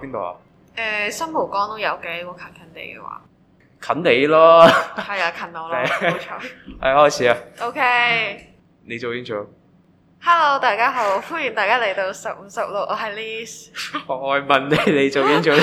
邊度啊？誒，新蒲崗都有幾個近近地嘅話，近你咯，係啊，近我咯，冇錯。係開始啊。OK。你做 intro。Hello，大家好，歡迎大家嚟到十五十六，我係 Liz。我問你，你做 intro？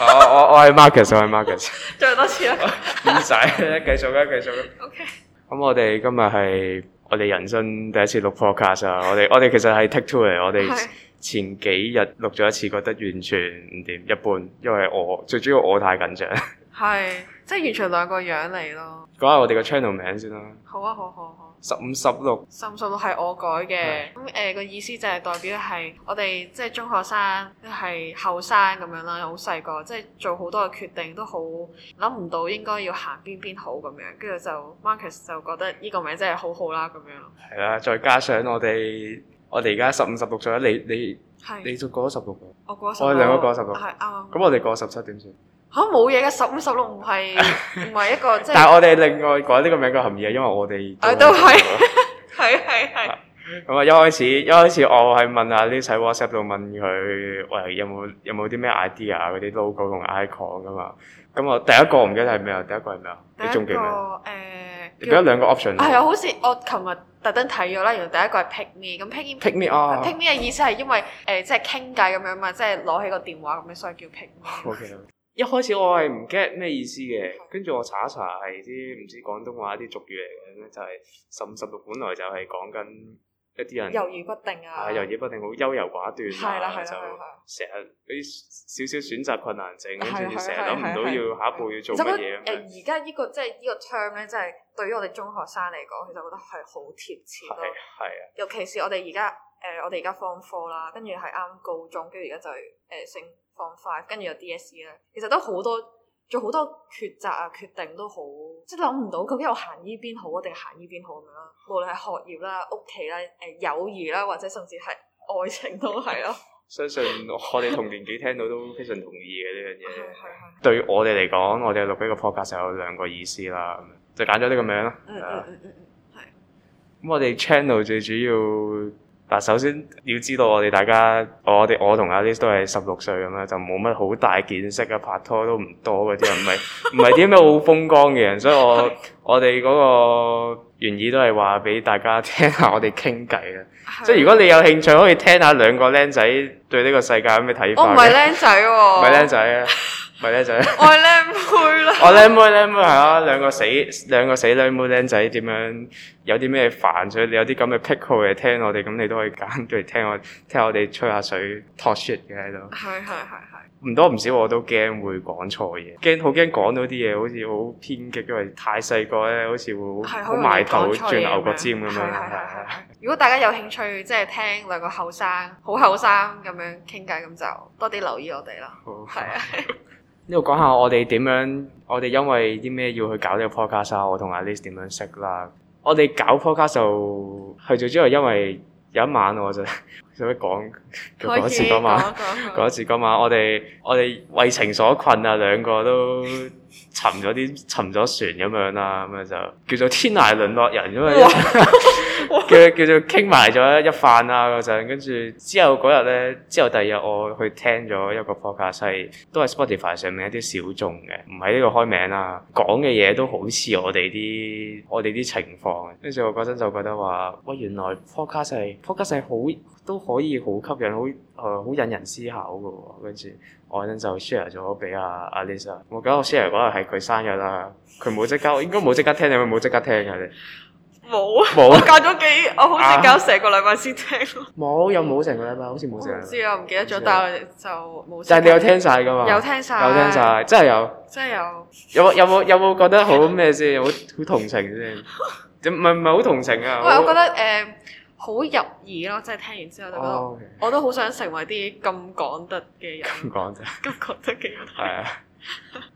我我我係 Marcus，我係 Marcus。再多次啦。唔使，繼續啦，繼續啦。OK。咁我哋今日係我哋人生第一次錄 podcast 啊！我哋我哋其實係 take two 嚟，我哋。前幾日錄咗一次，覺得完全唔掂，一般，因為我最主要我太緊張。係，即係完全兩個樣嚟咯。講下我哋個 channel 名先啦、啊。好啊，好好、啊、好。十五十六。十五十六係我改嘅，咁誒個意思就係代表係我哋即係中學生，係、就是、後生咁樣啦，好細個，即、就、係、是、做好多嘅決定都好諗唔到應該要行邊邊好咁樣，跟住就 Marcus 就覺得呢個名真係好好啦咁樣。係啦、啊，再加上我哋。我哋而家十五十六歲啦，你你你就過咗十六個，我過咗十六，喔，我哋兩個過咗十六，啊，咁我哋過咗十七點算嚇冇嘢嘅，十五十六唔係唔係一個即係，即係、但係我哋另外改呢個，個名嘅含義係因為我哋，啊都係係係係，咁 啊、 嗯、一開始一開始我係問下啲喺 WhatsApp 度問佢，喂、嗯、有冇有冇啲咩 idea 嗰啲 logo 同 icon 㗎嘛？咁啊，第一個唔記得係咩啊？第一個係咩、呃、啊？你仲記得咩？誒，記得兩個 option。係啊，好似我琴日特登睇咗啦，原來第一個係 Pick me, in, Pick me、啊。咁 Pick me，Pick me 啊，Pick me 嘅意思係因為誒、呃，即係傾偈咁樣嘛，即係攞起個電話咁，所以叫 Pick me。O K 啦。一開始我係唔 get 咩意思嘅，跟住我查一查係啲唔知廣東話啲俗語嚟嘅咧，就係十五十六，本來就係講緊。一啲人猶豫不定啊。啊猶豫不定好優柔寡斷啊。係啦係啦，就成日啲少少選擇困難症，跟住要成日諗唔到要下一步要做乜嘢啊。誒而家呢個即係呢個 term 咧，即係對於我哋中學生嚟講，其實覺得係好貼切咯。係啊，尤其是我哋而家誒，我哋而家 form four 啦，跟住係啱高中，跟住而家就誒升 form five，跟住有 DSE 咧，其實都好多。做好多抉擇啊！決定都好，即係諗唔到究竟我行依邊好啊？定行依邊好咁樣啦。無論係學業啦、屋企啦、誒、呃、友誼啦，或者甚至係愛情都係咯。相信我哋同年紀聽到都非常同意嘅呢樣嘢。係係係。對,對,對,對,對我哋嚟講，我哋錄呢個 p 格就有兩個意思啦，就揀咗呢個名啦。嗯嗯嗯嗯嗯。係。咁我哋 channel 最主要。但首先要知道我哋大家，我哋我同阿 l e 都係十六歲咁啦，就冇乜好大見識啊，拍拖都唔多嘅啲人，唔係唔係啲咁樣好風光嘅人，所以我 我哋嗰個原意都係話俾大家聽下我，我哋傾偈啊，即係如果你有興趣可以聽下兩個僆仔對呢個世界有咩睇法。我唔係僆仔喎，唔係僆仔啊。 愛靚仔，愛靚妹啦！我靚妹靚妹係啊，兩個死兩個死靚妹靚仔點樣有啲咩煩？所以你有啲咁嘅癖好嚟嘅聽我哋，咁你都可以揀嚟聽我聽我哋吹下水，talk shit 嘅喺度。係係係係。唔多唔少，我都驚會講錯嘢，驚好驚講到啲嘢好似好偏激，因為太細個咧，好似會好埋是頭轉牛角尖咁樣。係係係。如果大家有興趣即係聽兩個後生，好後生咁樣傾偈，咁就多啲留意我哋咯。好係啊。呢度講下我哋點樣，我哋因為啲咩要去搞呢個 podcast 啊？我同阿 Liz 點樣識啦？我哋搞 podcast 就去咗之後，因為有一晚我就做咩講，講 一次嗰晚，講一次嗰晚我，我哋我哋為情所困啊，兩個都沉咗啲，沉咗船咁樣啦，咁樣就叫做天涯淪落人咁啊！ 叫叫做傾埋咗一飯啊嗰陣，跟住之後嗰日呢，之後第二日我去聽咗一個 podcast，係都係 Spotify 上面一啲小眾嘅，唔係呢個開名啊。講嘅嘢都好似我哋啲我哋啲情況。跟住我嗰陣就覺得話，喂，原來 podcast，podcast 好都可以好吸引，好誒好引人思考㗎喎。跟住我嗰陣就 share 咗俾阿阿 Lisa，我覺得我 share 嗰日係佢生日啦，佢冇即刻， 應該冇即刻聽，有冇冇即刻聽嘅。冇，冇？我教咗幾，我好似教成個禮拜先聽咯。冇，又冇成個禮拜，好似冇成日唔知啊，唔記得咗。但係就冇。但係你有聽晒㗎嘛？有聽晒？有聽晒，真係有。真係有。有冇有冇有冇覺得好咩先？有冇好同情先？唔係唔係好同情啊！我覺得誒好入耳咯，即係聽完之後就覺得我都好想成為啲咁講得嘅人。咁講啫，咁講得嘅人。係啊。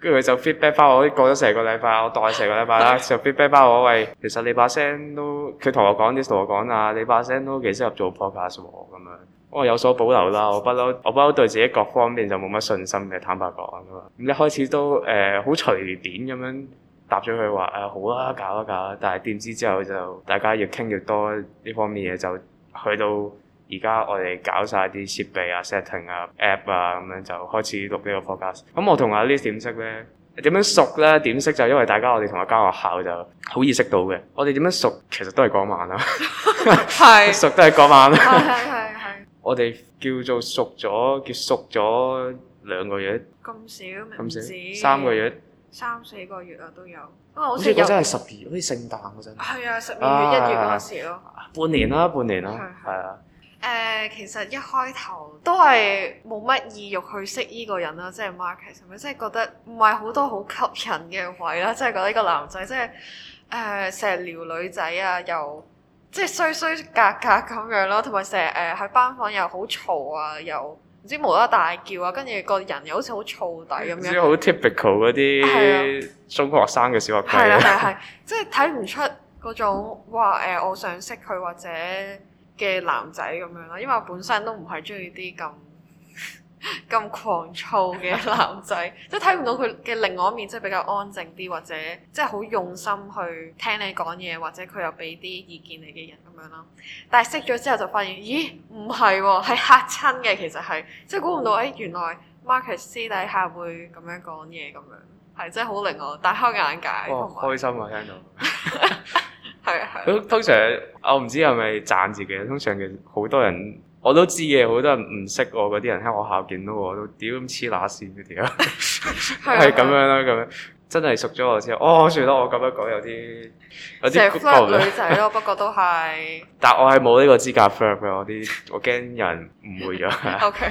跟住佢就 feedback 返我，我過咗成個禮拜，我待成個禮拜啦， 就 feedback 返我喂，其實你把聲都，佢同我講，啲同我講啊，你把聲都幾適合做 podcast 喎咁樣，我有所保留啦，我不嬲，我不嬲對自己各方面就冇乜信心嘅，坦白講咁嘛，咁一開始都誒、呃呃、好隨便咁樣答咗佢話啊好啦，搞一搞，啦。但係點知之後就大家越傾越多呢方面嘢就去到。而家我哋搞晒啲設備啊、setting 啊、app 啊咁樣就開始錄呢個 podcast 咁我同阿 Liz 點識呢？點樣熟呢？點識就因為大家我哋同一間學校就好易識到嘅。我哋點樣熟其實都係講晚啦，係熟都係講晚啦。係係係。我哋叫做熟咗叫熟咗兩個月。咁少？咁少？三個月？三四個月啊都有。呢個真係十二好似聖誕嗰陣。係啊，十二月一月嗰時咯。半年啦，半年啦，係啊。誒、呃，其實一開頭都係冇乜意欲去識呢個人啦，即係 Marcus 係咪？即係覺得唔係好多好吸引嘅位啦，即係覺得呢個男仔即係誒成日撩女仔啊，又即係衰衰格格咁樣咯，同埋成日誒喺班房又好嘈啊，又唔知無啦大叫啊，跟住個人又好似好燥底咁樣。即係好 typical 嗰啲中學生嘅小學仔，係係即係睇唔出嗰種話、呃、我想識佢或者。嘅男仔咁樣啦，因為我本身都唔係中意啲咁咁狂躁嘅男仔，即係睇唔到佢嘅另外一面，即係比較安靜啲，或者即係好用心去聽你講嘢，或者佢又俾啲意見你嘅人咁樣啦。但係識咗之後就發現，咦唔係喎，係嚇親嘅，其實係即係估唔到， 哎原來 Marcus 私底下會咁樣講嘢咁樣，係真係好令我大開眼界。哇！有開心啊，聽到。 佢通常我唔知係咪讚自己，通常嘅好多人我都知嘅，好多人唔識我嗰啲人喺學校見到我，我都屌咁黐乸線嘅啲啊，係 咁樣啦，咁 樣，樣真係熟咗我之後，哦，算啦，我咁樣講有啲有啲女仔咯，不過都係，但我係冇呢個資格 flop 嘅，我啲我驚有人誤會咗。 okay.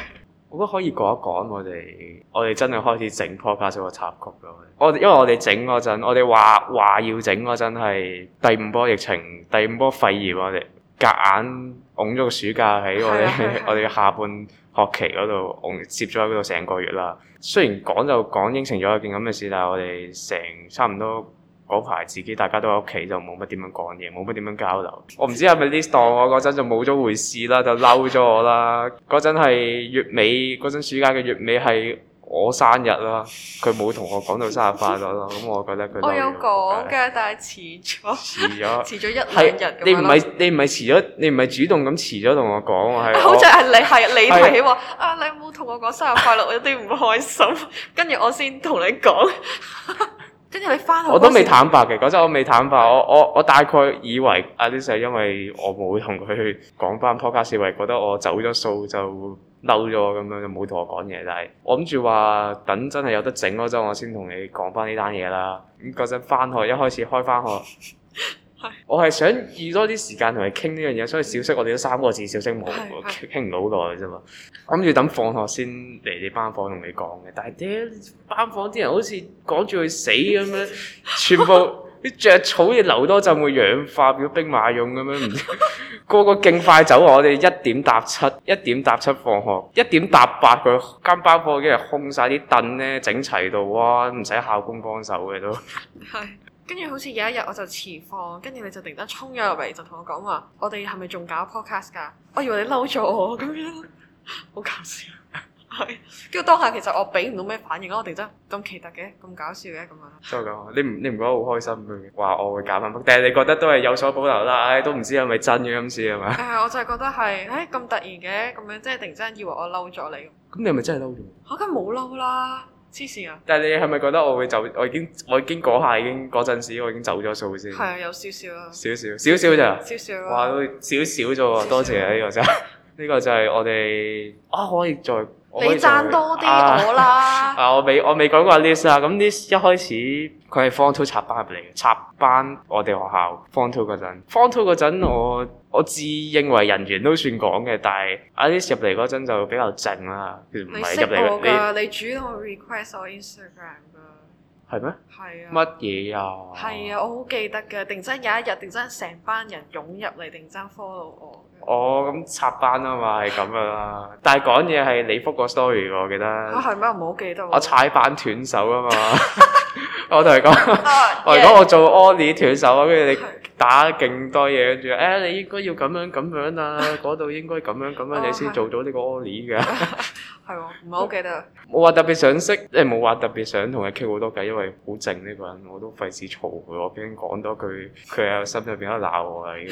我都可以講一講，我哋我哋真係開始整 podcast 個插曲咯。我因為我哋整嗰陣，我哋話話要整嗰陣係第五波疫情、第五波肺炎，我哋夾硬曬咗個暑假喺我哋 我哋下半學期嗰度曬接咗喺度成個月啦。雖然講就講應承咗一件咁嘅事，但係我哋成差唔多。嗰排自己大家都喺屋企，就冇乜點樣講嘢，冇乜點樣交流。我唔知係咪呢檔，我嗰陣就冇咗回事啦，就嬲咗我啦。嗰陣係月尾，嗰陣暑假嘅月尾係我生日啦，佢冇同我講到生日快樂咯。咁我覺得佢。我有講嘅，但係遲咗，遲咗，遲咗一兩日。你唔係你唔係遲咗，你唔係主動咁遲咗同我講，我係好似係你係你提起話啊，你冇同我講生日快樂，我有啲唔開心。 跟住我先同你講。 跟住你翻學，我都未坦白嘅。嗰陣我未坦白，我我我大概以為阿 Liz 係因為我冇同佢講翻 Podcast，因為覺得我走咗數就嬲咗咁樣，就冇同我講嘢。就係我諗住話等真係有得整嗰陣，我先同你講翻呢單嘢啦。咁嗰陣翻學，一開始開翻學。 我係想預多啲時間同你傾呢樣嘢，所以小息我哋都三個字小息冇，傾唔到好耐啫嘛。我諗住等放學先嚟你班房同你講嘅，但係點班房啲人好似趕住去死咁樣，全部啲著草嘢留多陣會氧化變咗兵馬俑咁樣，唔知 個個勁快走。我哋一點搭七，一點搭七放學，一點搭八個間班房已經係空晒啲凳咧，整齊到啊，唔使校工幫手嘅都。係。 跟住好似有一日我就遲放，跟住你就突然間衝咗入嚟就同我講話，我哋係咪仲搞 podcast 㗎？我以為你嬲咗我咁樣，好搞笑。跟住當下其實我俾唔到咩反應咯，我突然間咁奇特嘅，咁搞笑嘅咁啊。即你唔你唔覺得好開心咩？話我會搞乜乜，但係你覺得都係有所保留啦。唉、哎，都唔知係咪真嘅，今次係咪？係係、哎，我就係覺得係，唉、哎、咁突然嘅，咁樣即係突然間以為我嬲咗你。咁你咪真係嬲咗？嚇！梗冇嬲啦。黐線啊！但係你係咪覺得我會走？我已經我已經嗰下已經嗰陣時，我已經，已經，我已經走咗數先。係啊，有少少啊，少少少少咋？少少啦。哇，都少少咋喎？多謝啊，呢、呢個、 個就呢個就係我哋啊，可以再。你贊多啲我啦！啊， 我未我未講過 Alex 啊，咁 Alex 一開始佢係 Form two 插班入嚟嘅，插班我哋學校 Form two 嗰陣。Form two 嗰陣我我自認為人緣都算廣嘅，但係 Alex 入嚟嗰陣就比較靜啦，唔係入嚟。你，你，你主動 request 我，re 我 Instagram 噶？係咩嗎？係啊。乜嘢啊？係啊，我好記得㗎，定真有一日，定真成班人湧入嚟，定真 follow 我。哦，咁插班啊嘛，係咁噶啦。但係講嘢係你覆個 story 的，我記得。啊，係咩？唔好記得。我踩板斷手啊嘛，我同佢講，我如果我做 ollie 斷手啊，跟住你打勁多嘢跟住，誒、哎，你應該要咁樣咁樣啊，嗰度、 啊、應該咁樣咁樣，你先做咗呢個 ollie 噶。 係喎，唔係好記得。冇話特別想識，即係冇話特別想同佢傾好多偈，因為好靜呢個人，我都費事嘈佢。我驚講多句，佢喺心入邊喺度鬧我啦。 的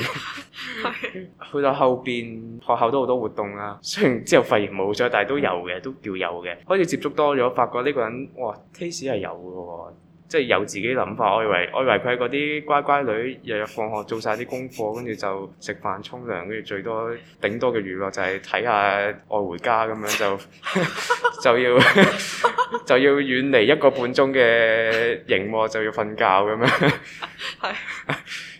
去到後邊學校都好多活動啦，雖然之後發現肺炎冇咗，但係都有嘅，都叫有嘅。開始接觸多咗，發覺呢個人哇，taste 係有嘅喎。即係有自己諗法，我以為我以為佢係嗰啲乖乖女，日日放學做晒啲功課，跟住就食飯沖涼，跟住最多頂多嘅娛樂就係睇下愛回家咁樣就 就，就就要就要遠離一個半鐘嘅螢幕，就要瞓覺咁樣。係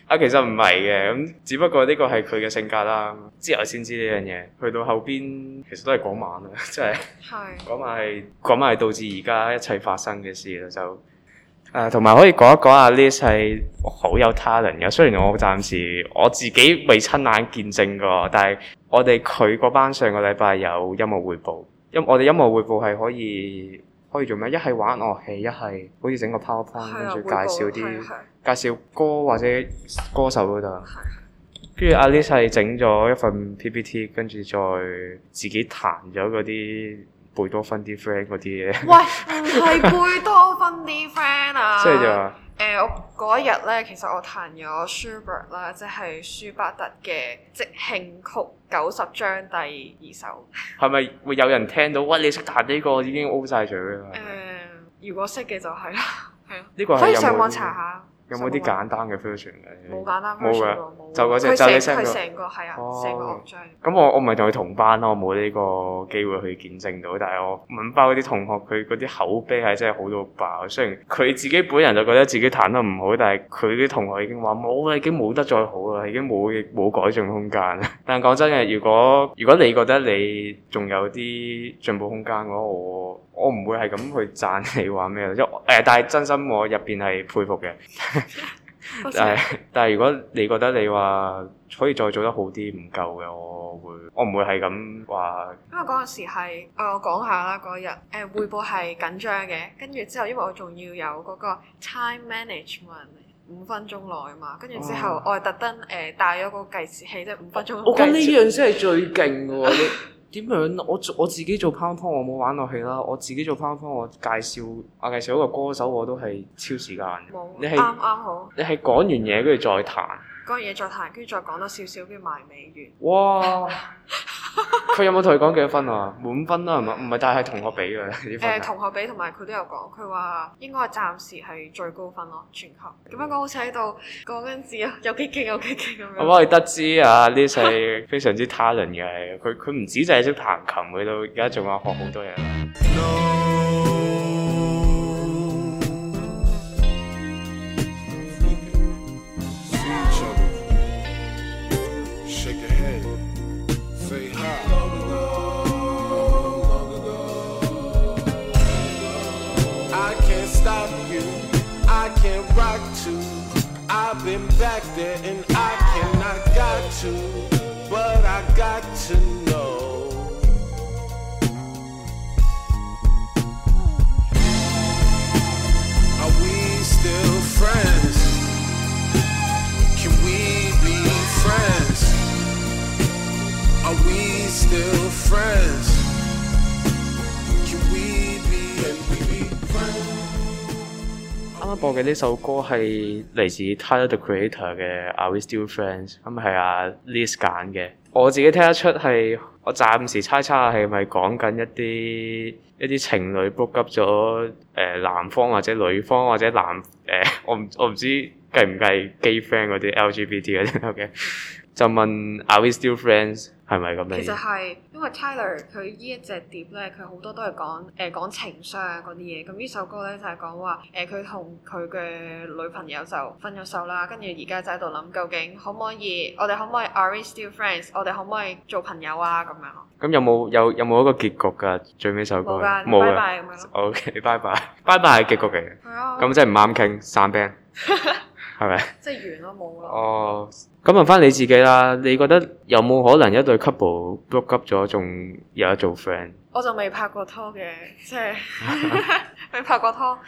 啊，其實唔係嘅，咁只不過呢個係佢嘅性格啦。之後先知呢樣嘢，去到後邊其實都係嗰晚啦，即係嗰晚係嗰晚係導致而家一切發生嘅事啦，就。誒，同埋可以講一講阿 Lisa 好有 talent 嘅。雖然我暫時我自己未親眼見證過，但係我哋佢個班上個禮拜有音樂匯報。因我哋音樂匯報係可以可以做咩？一係玩樂器，一係好似整個 PowerPoint 跟住的介紹啲介紹歌或者歌手嗰度。跟住阿 Lisa 整咗一份 PPT，跟住再自己彈咗嗰啲。貝多芬啲 friend 嗰啲嘢，喂，係貝多芬啲 friend 啊！即係就話，我嗰一日咧，其實我彈咗舒伯啦，即係舒伯特嘅即興曲九十章第二首。係咪 會有人聽到？喂，你識彈呢、呢個已經 O 晒嘴啦！誒、呃，如果識嘅就係啦，係 咯、啊，可以上網上查下。有冇啲簡單嘅 version？冇簡單 version 冇嘅。的就嗰隻整就你成個，佢成個係啊，成、哦、個樂章。咁、嗯嗯、我我唔係同佢同班咯，我冇呢個機會去見證到。但係我問返嗰啲同學，佢嗰啲口碑係真係好到爆。雖然佢自己本人就覺得自己彈得唔好，但係佢啲同學已經話冇，已經冇得再好啦，已經冇冇改進空間。但係講真嘅，如果如果你覺得你仲有啲進步空間嘅話，我～我唔會係咁去讚你話咩，因為誒，但係真心我入邊係佩服嘅。 但係，但係如果你覺得你話可以再做得好啲唔夠嘅，我會我唔會係咁話。因為嗰陣時係、呃、我講下啦，嗰日誒、呃，匯報係緊張嘅，跟住之後因為我仲要有嗰個 time management 五分鐘內啊嘛，跟住之後我係特登誒、呃、帶咗個計時器，即係五分鐘。我覺得呢樣先係最勁喎。 點樣？我我自己做 PowerPoint，我冇玩落去啦。我自己做 PowerPoint，我介紹我介紹嗰個歌手，我都係超時間。冇有，你係啱啱好。你係講完嘢跟住再彈。講完嘢再彈，跟住再講多少少，跟住埋尾完。1 哇！ 佢 有冇同你講幾多分啊？滿分啦？啊，係咪？唔係，但係同學俾嘅。誒， 同學俾同埋佢都有講，佢話應該暫時係最高分咯，啊，全校。咁樣講好似喺度講緊字啊，有幾勁，有幾勁咁樣。 我哋得知啊，呢世非常之 talent 嘅，佢佢唔止就係識彈琴，佢都而家仲話學好多嘢。呢首歌係嚟自《Tyler, The Creator》嘅《Are We Still Friends》，咁係啊 Liz 揀嘅。我自己聽得出係，我暫時猜測係咪講緊一啲一啲情侶 broke up 咗？誒、呃，男方或者女方或者男誒、呃，我唔我唔知計唔計 gay friend 嗰啲 LGBT 嗰啲 OK。就問 Are we still friends 係咪咁樣？其實係因為 Tyler 佢呢一隻碟咧，佢好多都係講誒講情傷嗰啲嘢，咁呢首歌咧就係講話誒佢同佢嘅女朋友就分咗手啦，跟住而家就喺度諗究竟可唔可以，我哋可唔可以 Are we still friends？我哋可唔可以做朋友啊？咁樣咯。咁有冇有有冇一個結局㗎？最尾首歌冇拜冇啦。OK，的拜拜，拜拜，係結局嘅。係 啊。咁真係唔啱傾，散 band。 係咪？即係完咯，冇咯。哦，咁問翻你自己啦，你覺得有冇可能一對 couple broke up 咗，仲有得做 friend？我就未拍過拖嘅，即係未 拍過拖。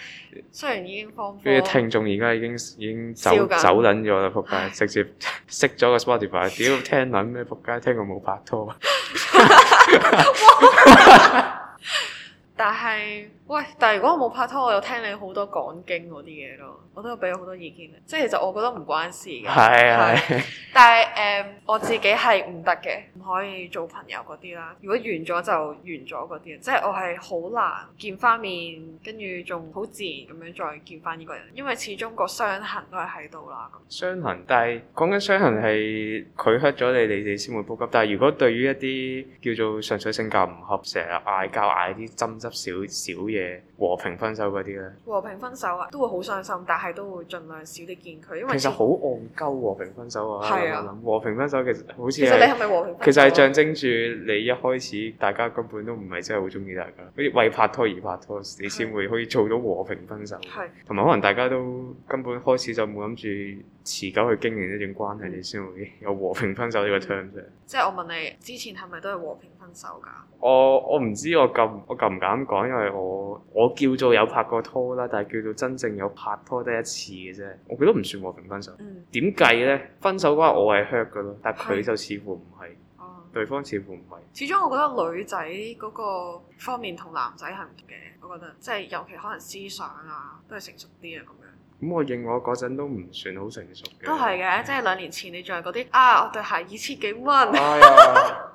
雖然已經方便，啲聽眾而家已經已經走着走撚咗啦，仆街！直接熄咗個 Spotify，屌聽撚咩仆街？聽過冇拍拖？ 但係。喂，但係如果我冇拍拖，我有聽你好多講經嗰啲嘢咯，我都有俾好多意見你，即係其實我覺得唔關事嘅，係係。 但係誒、呃，我自己係唔得嘅，唔可以做朋友嗰啲啦。如果完咗就完咗嗰啲，即係我係好難見翻面，跟住仲好自然咁樣再見翻呢個人，因為始終個傷痕都係喺度啦。咁傷痕，但係講緊傷痕係佢 hurt 咗你哋先會呼吸。但係如果對於一啲叫做純粹性格唔合，成日嗌交嗌啲針針少少嘢。和平分手嗰啲咧，和平分手啊，都會好傷心，但係都會盡量少啲見佢，因為其實好戇鳩和平分手啊，你咁諗，和平分手其實好似你係咪和平啊？其實係象徵住你一開始大家根本都唔係真係好中意大家，好似為拍拖而拍拖，你先會可以做到和平分手。係是，同埋是可能大家都根本開始就冇諗住持久去經營一段關係，嗯、你先會有和平分手呢個 term、嗯。嗯、即係我問你，之前係咪都係和平分手噶？我我唔知我咁我咁唔敢講，因為我我叫做有拍過拖啦，但係叫做真正有拍拖得一次嘅啫。我覺得唔算和平分手。嗯，點計呢？分手嘅話，我係 hurt 噶咯，但佢就似乎唔係。哦。對方似乎唔係。始終我覺得女仔嗰個方面同男仔係唔同嘅，我覺得即係尤其可能思想啊都係成熟啲啊咁樣。咁、嗯、我認我嗰陣都唔算好成熟嘅。都係嘅，即係兩年前你仲有嗰啲啊，我對鞋二千幾蚊。哎呀，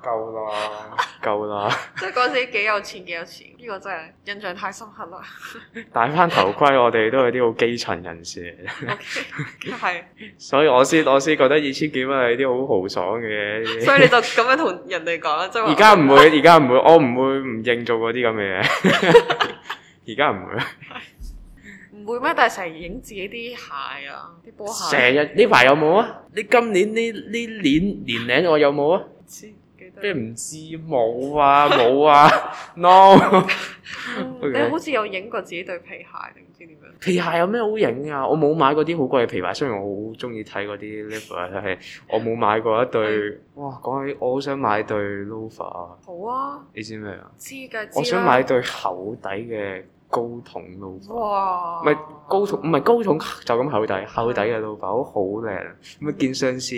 夠啦，夠啦 了。即係嗰時幾有錢，幾有錢，呢、這個真係印象太深刻啦。戴翻頭盔，我哋都係啲好基層人士嚟。嘅、 okay。係。所以我先，我先覺得二千幾蚊係啲好豪爽嘅嘢。所以你就咁樣同人哋講啦，即係。而家唔會，而家唔會，我唔會唔認做嗰啲咁嘅嘢。而家唔會。會咩？但係成日影自己啲鞋啊，啲波鞋、啊。成日呢排有冇啊？你今年呢呢年年齡我有冇啊？唔知記得咩？唔知冇啊冇啊，no！你好似有影過自己對皮鞋定唔知點樣？皮鞋有咩好影啊？我冇買過啲好貴嘅皮鞋，雖然我好中意睇嗰啲 leather 但係我冇買過一對。嗯、哇！講起我好想買對 loafer。好啊。你知咩啊？知嘅知啦。我想買對厚底嘅。高筒 loafer，唔係高筒唔係高筒，就咁厚底，厚底嘅 loafer，好好靚。咁啊見上次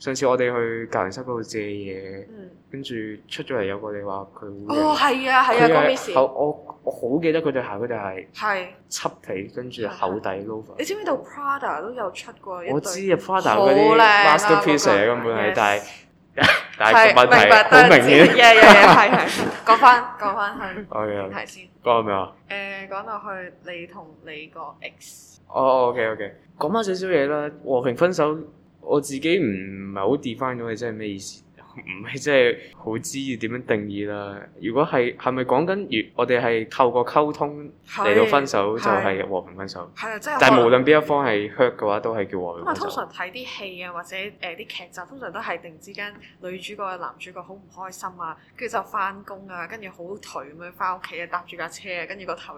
上次我哋去隔籬室嗰度借嘢，跟住出咗嚟有個你話佢，哦係啊係啊，講咩事？我我好記得佢對鞋嗰對鞋，係麂皮跟住厚底 loafer。你知唔知道 Prada 都有出過一對？我知啊，Prada 嗰啲 masterpiece 啊，根本係，但係。 但係明， 明白得，好明嘅。係係，講翻講翻去問題先。講到咩啊？誒、欸，講到去你同你個 X。哦、oh，OK OK，講翻少少嘢啦。和平分手，我自己唔係好 define 咗到，即係咩意思？唔係即係好知點樣定義啦。如果係係咪講緊如我哋係透過溝通嚟到分手，就係和平分手。係啊，即係，但係無論邊一方係 hurt 嘅話都係叫和平分手。咁啊，通常睇啲戲啊，或者誒啲劇集，通常都係突然之間女主角啊、男主角好唔開心啊，跟住就翻工啊，跟住好頹咁樣翻屋企啊，搭住架車啊，跟住個頭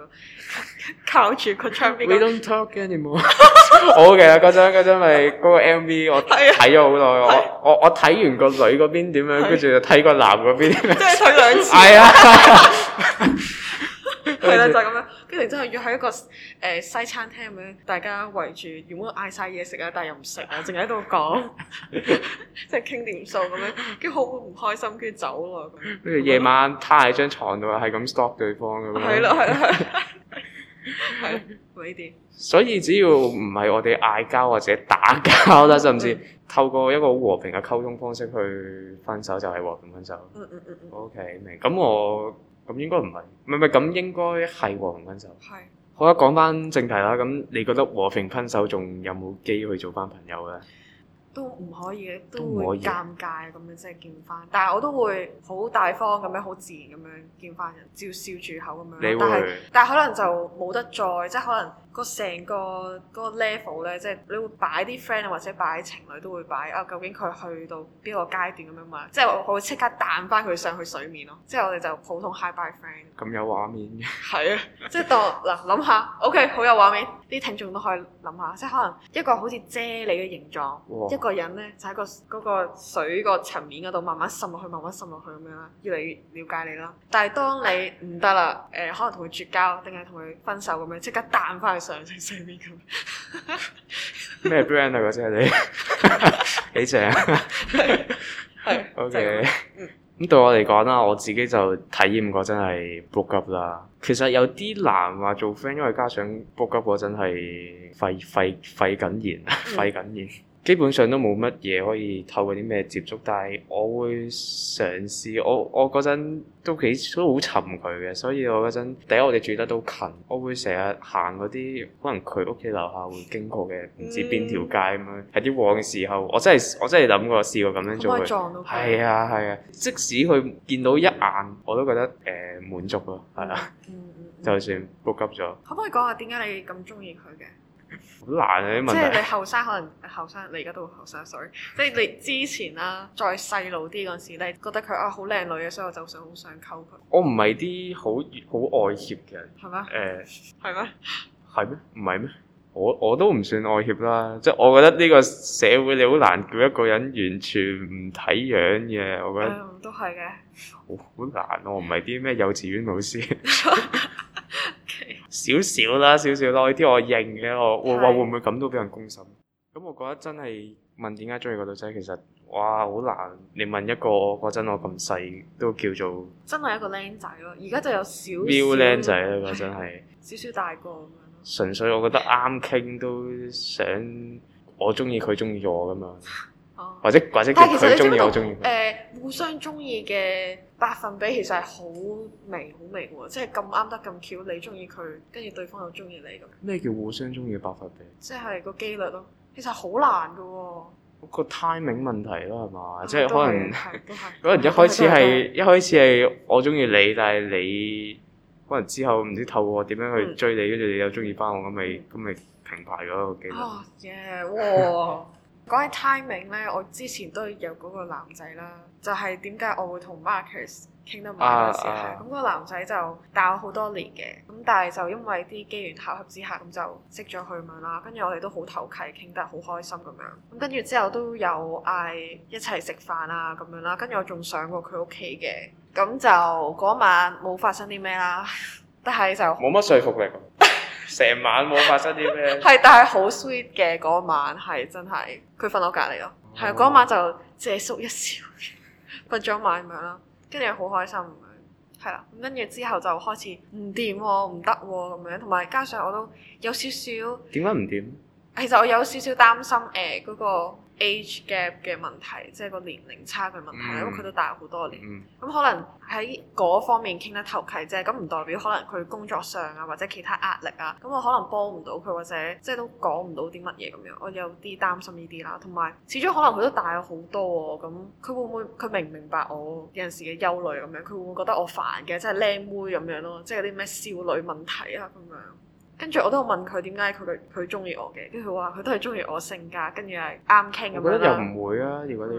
靠住個窗邊 We don't talk anymore。好嘅啦，嗰張嗰張咪個 MV 我睇咗好耐，我我我睇完個女嗰邊。點樣？跟住就睇個男嗰邊，即係睇兩次。係啊，係啦，就咁樣。跟住之後約喺一個誒西餐廳咁樣，大家圍住，原本嗌晒嘢食啊，但係又唔食啊，淨係喺度講， 即係傾掂數咁樣。跟住好唔開心，跟住走咯。跟住夜晚趴喺張床度，係咁 stalk 對方咁樣。係咯，係咯。係， 所以只要唔係我哋嗌交、或者打交啦，甚至透過一個和平嘅溝通方式去分手就係和平分手。嗯嗯嗯嗯。嗯嗯、o、okay, K，明。咁我咁應該唔係，唔係咁應該係和平分手。係是。好啦，講翻正題啦。咁你覺得和平分手仲有冇機會做翻朋友咧？都唔可以嘅，都會尷尬啊，咁樣即係見翻，但係我都會好大方咁樣，好自然咁樣見翻人，照笑住口咁樣。但係，但係可能就冇得再，即係可能。個成個嗰個 level 咧，即係你會擺啲 friend 或者擺情侶都會擺啊。究竟佢去到邊個階段咁樣嘛？即係我會即刻彈翻佢上去水面咯。即係我哋就普通 high by friend、嗯。咁有畫面嘅。係啊， 即係當嗱諗下，OK，好有畫面。啲聽眾都可以諗下，即係可能一個好似啫喱嘅形狀，哇一個人咧就喺、個嗰個、個嗰個水個層面嗰度慢慢滲落去，慢慢滲落去咁樣啦，越嚟越瞭解你啦。但係當你唔得啦，誒、呃、可能同佢絕交定係同佢分手咁樣，即刻彈翻去。咩 brand 啊嗰陣你幾正啊？OK，咁對我嚟講啦，我自己就體驗過真係 book up 啦。其實有啲難話做 friend，因為加上 book up 嗰陣係廢廢廢緊言，廢緊言。基本上都冇乜嘢可以透過啲咩接觸，但係我會嘗試。我我嗰陣都幾都好沉佢嘅，所以我嗰陣第一我哋住得都近，我會成日行嗰啲可能佢屋企樓下會經過嘅唔知邊條街咁樣，喺啲旺時候，我真係我真係諗過試過咁樣做佢。係啊係啊，啊，即使佢見到一眼，嗯、我都覺得誒、呃、滿足咯，係啦、啊。嗯嗯嗯、就算可不急咗，可唔可以講下點解你咁中意佢嘅？好難啊啲問題，即係你後生可能後生，你而家都後生歲，即係你之前啦，再細路啲嗰陣時，你覺得佢啊好靚女嘅，所以我就想好想溝佢。我唔係啲好好外協嘅人，係咩？誒，係咩？係咩？唔係咩？我我都唔算外協啦，即係，我覺得呢個社會你好難叫一個人完全唔睇樣嘅，我覺得、呃、都係嘅。好難，我唔係啲咩幼稚園老師。 少少啦，少少咯，呢啲我認嘅，我話會唔會咁都俾人攻心？咁是我覺得真係問點解中意個女仔，其實哇好難。你問一個嗰陣我咁細都叫做真係一個靚仔咯，而家就有少少靚仔啦，嗰陣係少少大個咁樣。純粹我覺得啱傾都想我中意佢，中意我咁樣。或者或者佢中意我中意誒互相中意嘅百分比其實係好微好微喎，即係咁啱得咁巧，你中意佢，跟住對方又中意你咁。咩叫互相中意嘅百分比？即係個機率咯，其實好難㗎喎、哦。個 timing 問題咯係嘛，嗯、即係可能 可能一開始係是一開始係我中意你，但係你可能之後唔知透過我點樣去追你，跟住、嗯、你又中意返我，咁咪咁咪平排咗一個機率。哦、y、yeah, e 哇！ 講起 timing 咧，我之前都有嗰個男仔啦，就係點解我會 Mar 同 Marcus 傾得埋嗰時係，咁、ah, ah. 個男仔就大我好多年嘅，咁但係就因為啲機緣巧合，合之下，咁就識咗佢咁樣啦。跟住我哋都好投契，傾得好開心咁樣。咁跟住之後都有嗌一齊食飯啊咁樣啦。跟住我仲上過佢屋企嘅，咁就嗰晚冇發生啲咩啦。但係就冇乜說服力。 成晚冇發生啲咩，係 但係好 sweet 嘅嗰、那個、晚係真係佢瞓到隔離咯，係嗰、oh. 那個、晚就借宿一宵瞓咗晚咁樣啦，跟住好開心，係啦，咁跟住之後就開始唔掂喎，唔得喎咁樣，同埋加上我都有少少。點解唔掂？其實我有少少擔心誒嗰、欸那個。age gap 嘅問題，即、就、係、是、個年齡差距問題，嗯、因為佢都大咗好多年，咁、嗯、可能喺嗰方面傾得投契啫，咁唔代表可能佢工作上啊或者其他壓力啊，咁我可能幫唔到佢，或者即係都講唔到啲乜嘢咁樣，我有啲擔心呢啲啦。同埋，始終可能佢都大咗好多喎，咁佢會唔會佢明唔明白我有陣時嘅憂慮咁樣？佢會唔會覺得我煩嘅，即係靚妹咁樣咯，即係有啲咩少女問題啊咁樣？跟住我都問佢點解佢佢中意我嘅，跟住佢話佢都係中意我性格，跟住係啱傾咁樣啦。我覺得又唔會啊，如果你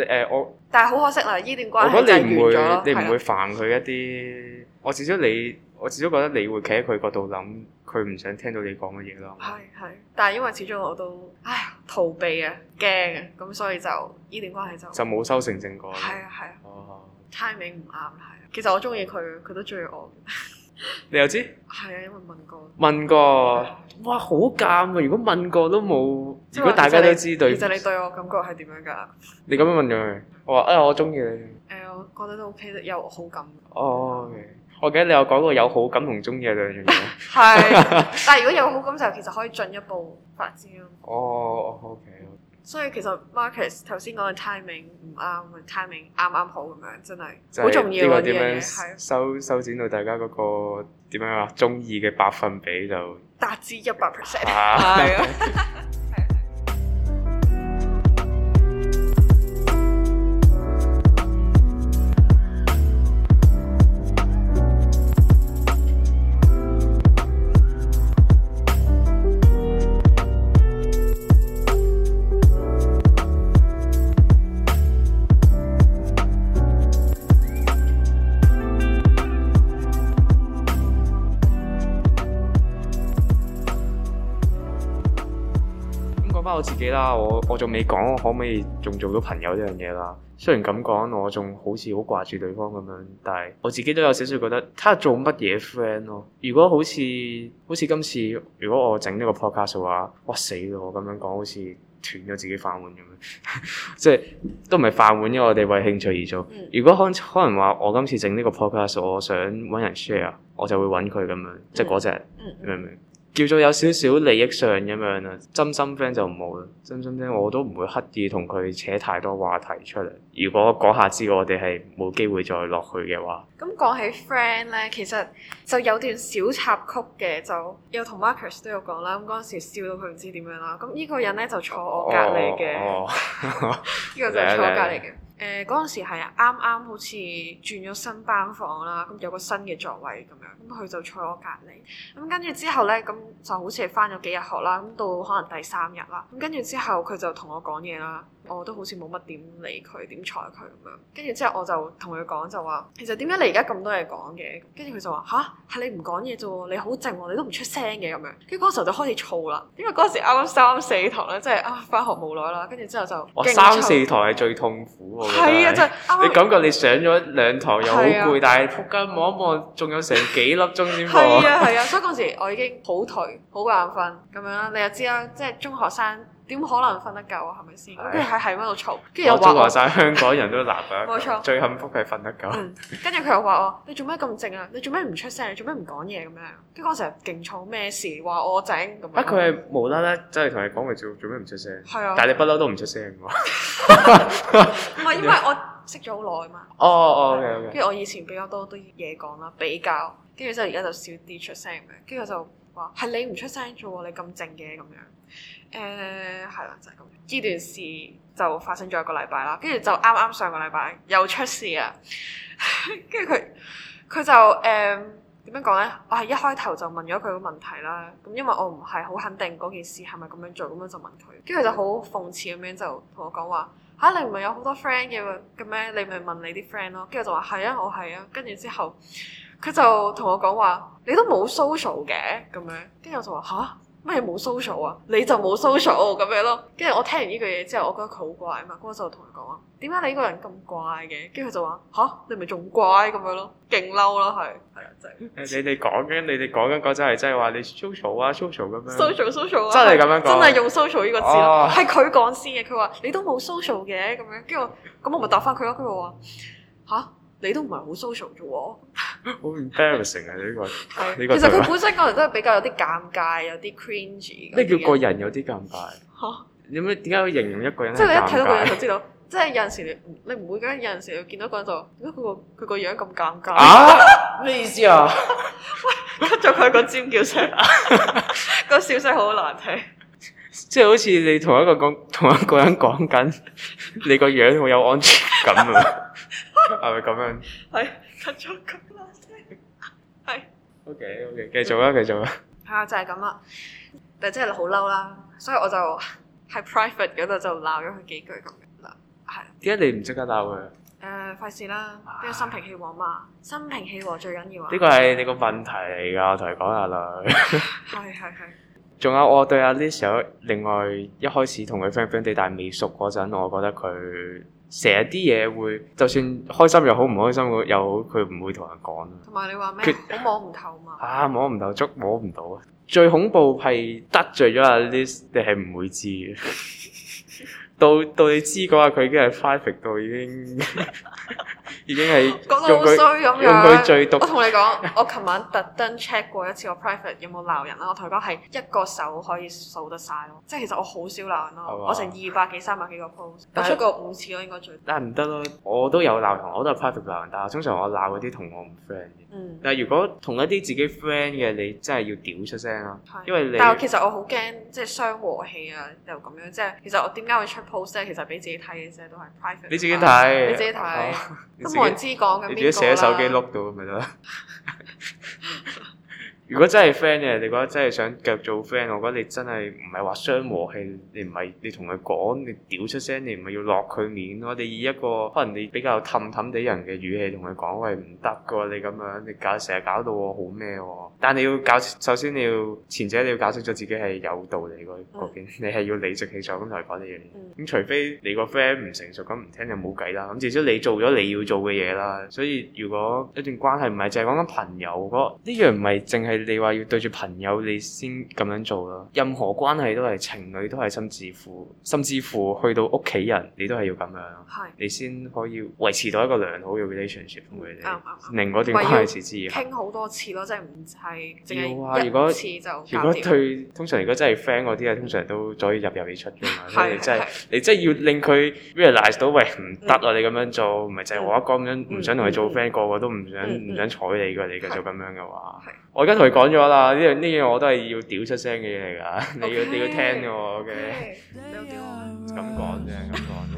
樣誒我，但係好可惜啦，依段關係如果你唔會，你唔會煩佢一啲。我至少你，我至少覺得你會企喺佢角度諗，佢唔想聽到你講嘅嘢咯。係係，但係因為始終我都唉逃避啊，驚啊，咁所以就依段關係就就冇修成正果。係啊係啊。timing 唔啱啦，係啊。其實我中意佢，佢都中意我。你又知？係啊，因為問過。問過，的哇，好尷啊！如果問過都冇，嗯、如果大家都知道，其實，對其實你對我感覺係點樣噶？你咁樣問咗佢，我話啊、哎，我中意你。誒、呃，我覺得都 OK，有好感。哦，我記得你有講過有好感同中意嘅兩樣嘢。係 但係如果有好感就其實可以進一步發展咯。哦、oh，OK, okay。所以其實 Marcus 頭先講嘅 timing 唔啱，timing 啱啱好咁樣，真係好重要嘅嘢。樣收收剪到大家嗰、嗰個點樣話中意嘅百分比就達至一百 percent。係啊。翻我自己啦，我我仲未講可唔可以仲做到朋友呢樣嘢啦。雖然咁講，我仲好似好掛住對方咁樣，但係我自己都有少少覺得，睇下做乜嘢 friend 咯。如果好似好似今次，如果我整呢個 podcast 嘅話，哇死我死咯，咁樣講，好似斷咗自己飯碗咁樣， 即係都唔係飯碗，因為我哋為興趣而做。嗯、如果可可能話我今次整呢個 podcast，我想揾人 share，我就會揾佢咁樣，即係嗰隻，嗯、明唔明？叫做有少少利益上咁樣啦，真心 friend 就冇啦。真心 friend 我都唔會刻意同佢扯太多話題出嚟。如果講下知我哋係冇機會再落去嘅話。咁、嗯、講起 friend 呢，其實就有段小插曲嘅，就又同 Marcus 都有講啦。嗰陣時笑到佢唔知點樣啦。咁呢個人呢，就坐我隔離嘅，呢、oh, oh. 個就係坐隔離嘅。 誒嗰陣時係啱啱好似轉咗新班房啦，咁有個新嘅座位咁樣，咁佢就坐我隔離。咁跟住之後呢，咁就好似係返咗幾日學啦，咁到可能第三日啦，咁跟住之後佢就同我講嘢啦。我都好似冇乜點理佢，點睬佢咁樣。跟住之後我就同佢講就話，其實點解你，你而家咁多嘢講嘅？跟住佢就話吓，係你唔講嘢啫喎，你好靜喎，你都唔出聲嘅咁樣。跟住嗰陣時候就開始燥啦，因為嗰時啱啱三、四堂咧，即係啊返學冇耐啦。跟住之後就我、哦、三、四堂係最痛苦，係啊，真、就、係、是、你感覺你上咗兩堂又好攰，啊、但係附近望一望，仲、嗯、有成幾粒鐘先喎。係 啊係啊，啊，所以嗰時我已經好頹、好眼瞓咁樣啦。你又知啦，即係中學生。點可能瞓得夠啊？係咪先？跟住喺喺度嘈？跟住我話曬香港人都難得最幸福係瞓得夠。跟住佢又話我： 你做咩咁靜啊？你做咩唔出聲？做咩唔講嘢咁樣？跟住我成日勁嘈咩事？話我靜咁。不佢係無啦啦，真係同你講：你做做咩唔出聲？係啊的！但你不嬲都唔出聲喎。唔係因為我識咗好耐嘛。哦哦，OK OK。跟住我以前比較多啲嘢講啦，比較。跟住之後而家就少啲出聲嘅。跟住佢就話係你唔出聲啫喎，你咁靜嘅咁樣。誒係啦，就係、是、咁。呢段事就發生咗一個禮拜啦，跟住就啱啱上個禮拜又出事啊。跟住佢佢就誒點、um, 樣講呢？我係一開頭就問咗佢個問題啦。咁因為我唔係好肯定嗰件事係咪咁樣做，咁樣就問佢。跟住就好諷刺咁樣就同我講話吓，你唔係有好多 friend 嘅嘅咩？你咪問你啲 friend 咯。跟住就話係啊，我係啊。跟住之後佢就同我講話，你都冇 social 嘅咁樣。跟住我就話吓？」咩冇 social 啊？你就冇 social 咁樣咯。跟住我聽完呢句嘢之後，我覺得佢好怪啊嘛。嗰陣就同佢講啊：「點解你呢個人咁怪嘅？跟住佢就話：吓？你咪仲怪咁樣咯，勁嬲啦，係係、就是、啊，正、啊。誒，你哋講緊你哋講緊嗰陣係真係話你 social 啊，social 咁樣。social social 啊！真係咁樣講，真係用 social 呢個字。哦。係佢講先嘅，佢話你都冇 social 嘅咁樣。跟住我咁我咪答翻佢咯。佢就話吓。你都唔係好 social 啫喎，好 embarrassing 啊！呢、這個、這個、其實佢本身個人真係比較有啲尷尬，有啲 cringy。咩叫個人有啲尷尬？嚇、啊！你點解會形容一個人？即係 一睇到個人就知道。即、就、係、是、有陣時你你唔會嘅，有陣時你見到個人就點解佢個佢個樣咁尷尬？啊！咩 意思啊？喂 cut 咗佢個尖叫聲， 笑個笑聲好難聽。即係 好似你同一個講同一個人講緊， 你個樣好有安全感啊！ 係咪咁樣？係拍咗 gun 啦，係。O K O K，繼續啦，繼續啦。係啊、 嗯，就係咁啦。但係即係好嬲啦，所以我就喺 private 嗰度就鬧咗佢幾句咁樣啦。係。點解你唔即刻鬧佢？誒、呃，費事啦，因為心平氣和嘛，心平氣和最緊要啊。呢個係你個問題嚟噶，我同你講下啦。係係係。仲有，我對阿 Lily，另外一開始同佢 friend friend 哋，但係未熟嗰陣，我覺得佢。成日啲嘢會，就算開心又好，唔開心又好，佢唔會同人講。同埋你話咩？我摸唔透嘛。啊，摸唔透，捉，摸唔到啊！最恐怖係得罪咗阿 Liz，你係唔會知嘅。 到到你知嘅話，佢已經係 private 到已經， 已經係用佢用佢最毒。我同你講， 我琴晚特登 check 過一次我 private 有冇鬧人啦。我同佢講係一個手可以數得晒咯。即係其實我好少鬧人咯，吧我成二百幾三百幾個 post，有但出過五次咯，應該最。但係唔得咯，我都有鬧人，我都係 private 鬧人，但係通常我鬧嗰啲同我唔 friend 嘅、嗯。但係如果同一啲自己 friend 嘅，你真係要屌出聲啊，是因為你。但係其實我好驚即係傷和氣啊，又咁樣即係。其實我點解會出？post 咧，其實俾自己睇嘅啫，都係 private、哦。你自己睇，你自己睇，都冇人知講緊邊個啦。你自己寫喺手機碌到咪得啦。 如果真係 friend 嘅，你覺得真係想夾做 friend，我覺得你真係唔係話傷和氣，你唔係你同佢講，你屌出聲，你唔係要落佢面。我哋以一個可能你比較氹氹地人嘅語氣同佢講，喂唔得嘅喎，你咁樣你搞成日搞到我好咩喎？但你要搞，首先你要前者你要搞清楚自己係有道理個個、啊、你係要理直氣壯咁嚟講呢樣嘢。咁、嗯、除非你個 friend 唔成熟，咁唔聽就冇計啦。咁至少你做咗你要做嘅嘢啦。所以如果一段關係唔係淨係講緊朋友，嗰呢樣唔係淨係。你話要對住朋友你先咁樣做咯，任何關係都係情侶都係甚至乎，甚至乎去到屋企人你都係要咁樣，你先可以維持到一個良好嘅 relationship。啊啊啊！另一段關係時之要傾好多次咯，即係唔係淨係話。如果通常如果真係 friend 嗰啲啊，通常都左入右出嘅嘛。係真係你真係要令佢 realize 到喂唔得啊！你咁樣做，唔係就我一個咁樣唔想同佢做 friend，個個都唔想唔想睬你㗎，你繼續咁樣嘅話，我而家。佢講咗啦，呢樣呢樣我都係要屌出聲嘅嘢嚟㗎，你要你要聽㗎喎嘅，咁講啫，咁講啫。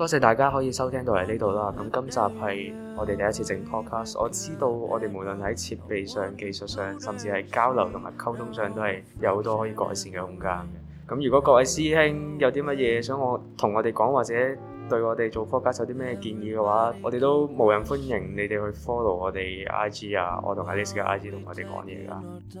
多謝大家可以收聽到嚟呢度啦，咁今集係我哋第一次整 podcast，我知道我哋無論喺設備上、技術上，甚至係交流同埋溝通上，都係有好多可以改善嘅空間嘅。咁如果各位師兄有啲乜嘢想我同我哋講，或者對我哋做 podcast 有啲咩建議嘅話，我哋都無人歡迎你哋去 follow 我哋 IG 啊，我同 Alice 嘅 IG 同我哋講嘢噶。